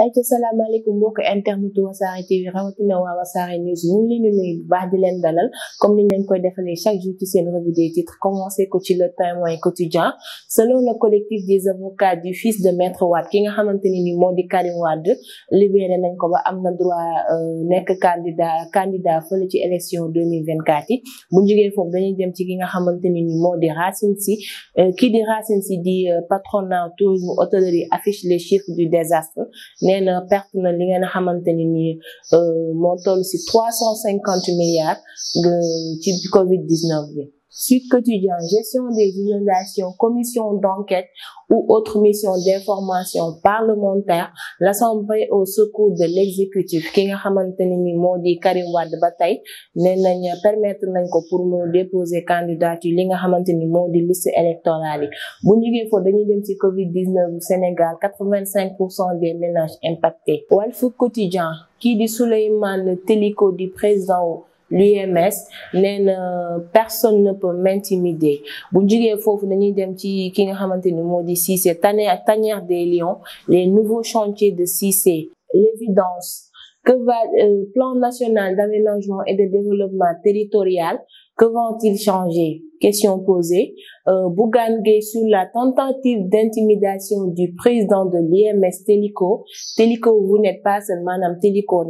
ay ca salaamaaleykum mbokk internet wasaare TV rawatina waa wasaare news ñu ngi leen di nuyu bu baax di leen dalal comme ni ñu leen koy defalee chaque jour ci seen revue des titres commencé ko ci le témoin quotidien selon le collectif des avocats du fils de maître Wade ki nga xamante ni ni moo di Karim Wade libéré nañ ko ba am na droit euh, nekk candidat candidat fële ci élection 2024 yi bu jógee foofu dañuy dem ci ki nga xamante ni ni moo di Racine Sy euh, kii di Racine Sy di euh, patronat tourisme hôtellerie affiche les chiffres du désastre nee perte na li ngeen xamante ni nii euh, moo toll si trois cent cinquante milliards euh, ci Covid 19 bi. Sud Quotidien, gestion des inondations, commission d'enquête ou autre mission d'information parlementaire, l'Assemblée au secours de l'exécutif qui nga maintenu mon dit de Karim Wade Bataille, tey permettre nañ ko pour nous déposer candidature li nga maintenu mon dit liste électorale yi bu ñu jógee foofu dañuy Covid 19 au Sénégal 85 des ménages impactés. Walfou Quotidien qui di Souleymane Teliko du présent l'UMS personne ne peut m'intimider Bonjour, jugee foofu dañuy dem ci ki nga le ni de ici. c'est tanière des lions les nouveaux chantiers de CIC, l'évidence que va le euh, plan national d'aménagement et de développement territorial Que vont-ils changer Question posée. Euh, Bougan sur la tentative d'intimidation du président de l'IMS Telico, Télico, vous n'êtes pas seulement un Télico,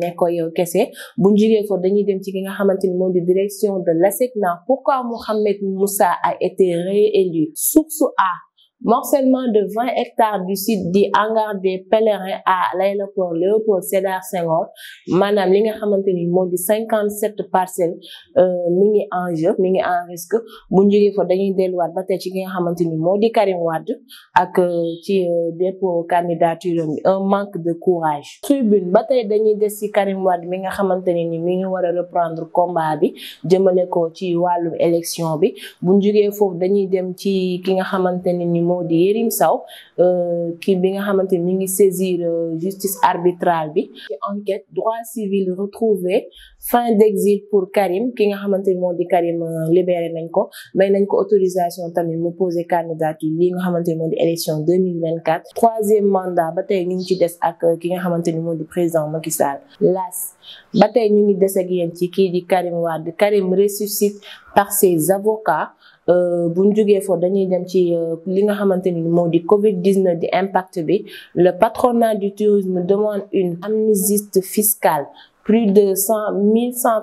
qu'est-ce Bunjige Fordani Demtikinga Hamantine de direction de l'ASECNA. Pourquoi Mohamed Moussa a été réélu Source A. Morcellement de 20 hectares du site du hangar des pèlerins à l'aéroport Léopold Sédar Senghor manam li nga xamanteni ni di 57 parcelles euh, mi ngi en jeu mi ngi en risque bu njëgee fa dañuy delluwaat ba tey ci nga xamanteni ni di Karim Wade ak euh, ci euh, dépôt candidature un manque de courage. tribune ba tey dañuy des ci Karim Wade mi nga xamanteni ni mi ngi war reprendre combat bi jëmele ko ci wàllum élection bi bu njëgee foofu dañuy dem ci ki nga xamanteni ni moo Yerim Yérim Sow qui euh, bi nga xamante ni mi euh, justice arbitrale bi enquête droit civil retrouvé fin d'exil pour Karim qui nga xamante ni Karim euh, libéré nañ ko may nañ ko autorisation de mu poser candidature li nga xamante ni élection 2024 troisième mandat bataille tey ñu ci des ak ki nga xamante ni président Macky Sall las ba tey des ak qui ci Karim Wade Karim ressuscite par ses avocats euh, bu ñu jógee dañuy dem ci euh, li nga xamanteni Covid 19 di impact bi le patronat du tourisme demande une amnistie fiscale plus de cent mille cent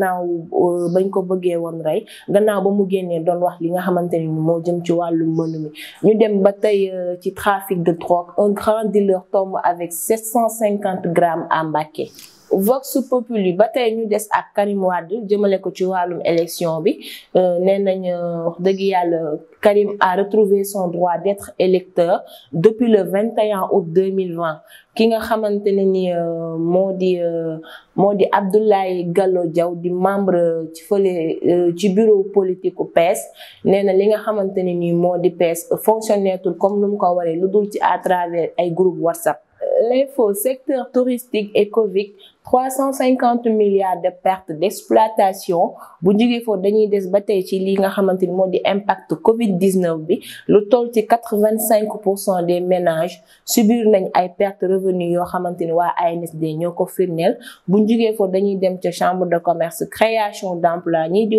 gannaaw euh, bañ ko bëggee woon rey gannaaw ba mu génnee doon wax li nga xamante ni moo jëm ci wàllu mënu mi ñu dem ba tey euh, ci trafic de drogue un grand dealer tombe avec 750 grammes à Mbacké Vox Populi bataille ñu des ak Karim Wade jëmele ko ci walum élection bi euh, nee nañ euh, wax dëgg yàlla Karim a retrouvé son droit d'être électeur depuis le 21 août 2020 ki nga xamante ni euh, modi di Abdoulaye Gallo Diaw di membre ci feulé ci bureau politique PS nee na li nga xamante ni moo PS fonctionnaire comme num ko waré lu ci à travers ay groupe WhatsApp l'info secteur touristique et Covid, 350 milliards de pertes d'exploitation bu jógee foofu dañuy des ba de ci li nga Covid 19 bi lu 85 des ménages subir nañ ay pertes revenus yo xamanteni wa ANSD ñoko firnel la bu dañuy dem chambre de commerce création d'emploi di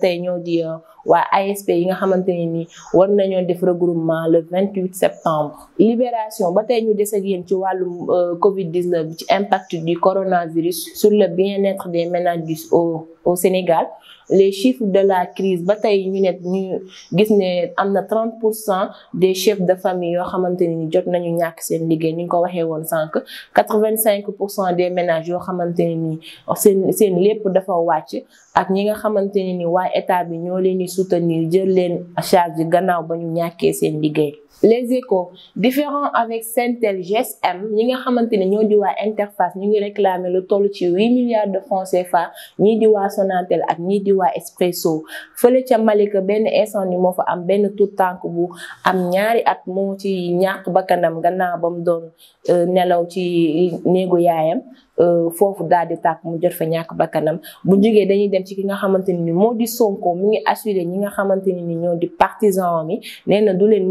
tenho de wa ASP yi nga regroupement le 28 septembre. Libération ba ñu ak euh, Covid 19 impact du coronavirus sur le bien-être des ménages au au Sénégal les chiffres de la crise ba ñu ñu gis 30 des chefs de famille yo xamanteni ni jot 85 des ménages yo été ni seen seen dafa ak ñi nga su soutenir jël leen charge gannaaw ba ñu ñàkkee seen liggéey les échos différents avec Centel GSM ñi nga xamanteni ñoo di wa Interface ñu ngi réclamer le toll ci 8 milliards de francs CFA ñi di wa Sonatel ak ñi di wa Espresso fële ca Malika ben incendie mo fa am ben tout tank bu am ñaari at mo ci ñàkk bakanam ganna bam mu doon euh, nelaw ci néegu yaayam euh, fofu daal di tak mu jot fa bu dañuy dem ci ki nga xamanteni ni Sonko mi ngi assurer ñi nga xamanteni ni ñoo di partisan mi néna du leen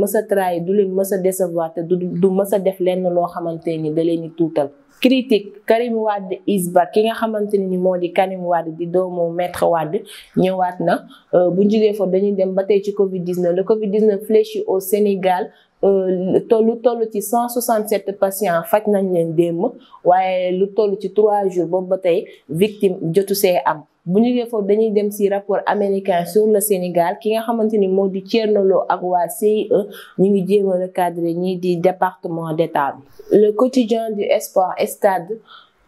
tey du leen mës a décevoir te du du mës a def lenn loo xamante ni da leen di tuutal. critique Karim Wade is ki nga xamante ni moo di Karim Wade di doomu maître Wade ñëwaat na euh, bu ñu jógee dañuy dem ba tey ci Covid 19 le Covid 19 fléchit au Sénégal. le euh, toll ci 167 patients faj nañ len dem waye lu tollu ci trois jours boobu batay victime jottu sé am bu ñu jógee dañuy dem ci rapport américain sur le Sénégal ki nga xamanteni ni moo di Thierno ak wa CIE ñu ngi jéem a recadrer di département d'État le quotidien du espoir stade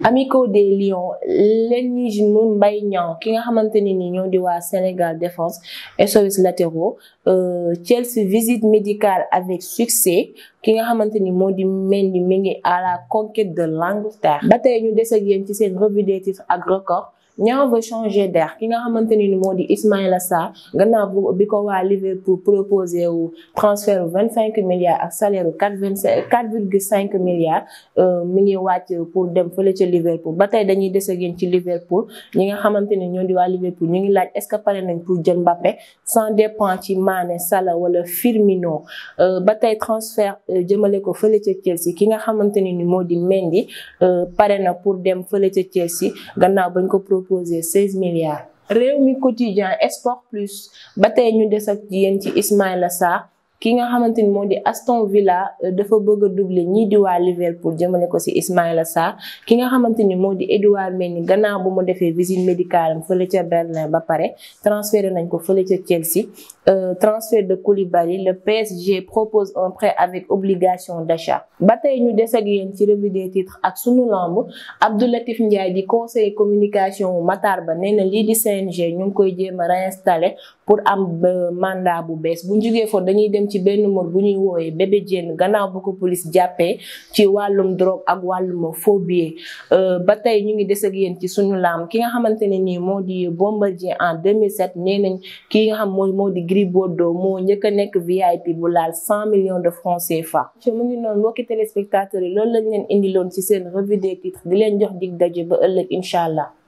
amicaux des lions leen ñi mu mbay ñaw ki nga xamante ne ni ñoo di waa Sénégal défense SOS latéraux euh, Chelsea visite médicale avec succès ki nga xamante ni moo di Mendy mi ngi à la conquête de l'Angleterre ba tey ñu des ak yéen ci seen revue des titres ak record ñaa va changer d'air ki nga xamante ni moo di Ismaïla Sarr gannaaw bi ko waa Liverpool proposé wu transfert 25 milliards ak salaire u quatre vingt milliards euh, mi ngi wàcc pour dem fële ca Liverpool ba tey dañuy des ak ci Liverpool ñi nga xamante ñoo di waa Liverpool ñu ngi laaj est-ce que pare nañ pour jël Mbappé sans dépend ci Mané sala wala Firmino euh, ba tey transfert euh, jëmale ko fële ca Chelsea ki nga xamante ni moo di Mendy pare na pour dem fële ca Chelsea gannaaw bañ ko proposé déposé 16 milliards réew mi quotidien sport plus ba tey ñu des ak yéen ci Ismaïla Sarr ki nga xamanteni moo di Aston Villa euh, dafa bëgg a doubler ñii di waa Liverpool jëmale ko si Ismaïla Sarr ki nga xamanteni ni moo di Edouard Mendy gannaaw bu mu defee visite médicale am fële ca Berlin ba pare transféré nañ ko fële ca Chelsea. Euh, transfert de Koulibaly le PSG propose un prêt avec obligation d'achat ba tey ñu des ak yéen ci revue des titres ak sunu lamb Abdoulatif Ndiaye di conseil communication Matar Ba nee na lii di CNG ñu ngi koy jéem a réinstaller pour am euh, mandat bu bees bu ñu jugee dañuy dem. ci benn mor bu ñuy wooyee bébé Diène gannaaw bu ko police jàppee ci wàllum drogue ak wàllum phobie euh, ba tey ñu ngi des ak yéen ci suñu laam ki nga xamante ne nii moo di Bombardier en 2007 nee nañ ki nga xam moo moo di Gris Bordeaux moo njëkk a nekk VIP bu laal 100 millions de francs fa mu ngi noonu mbokki téléspectateurs yi loolu lañ leen indiloon ci seen revue des titres di leen jox dig daje ba ëllëg incha allah.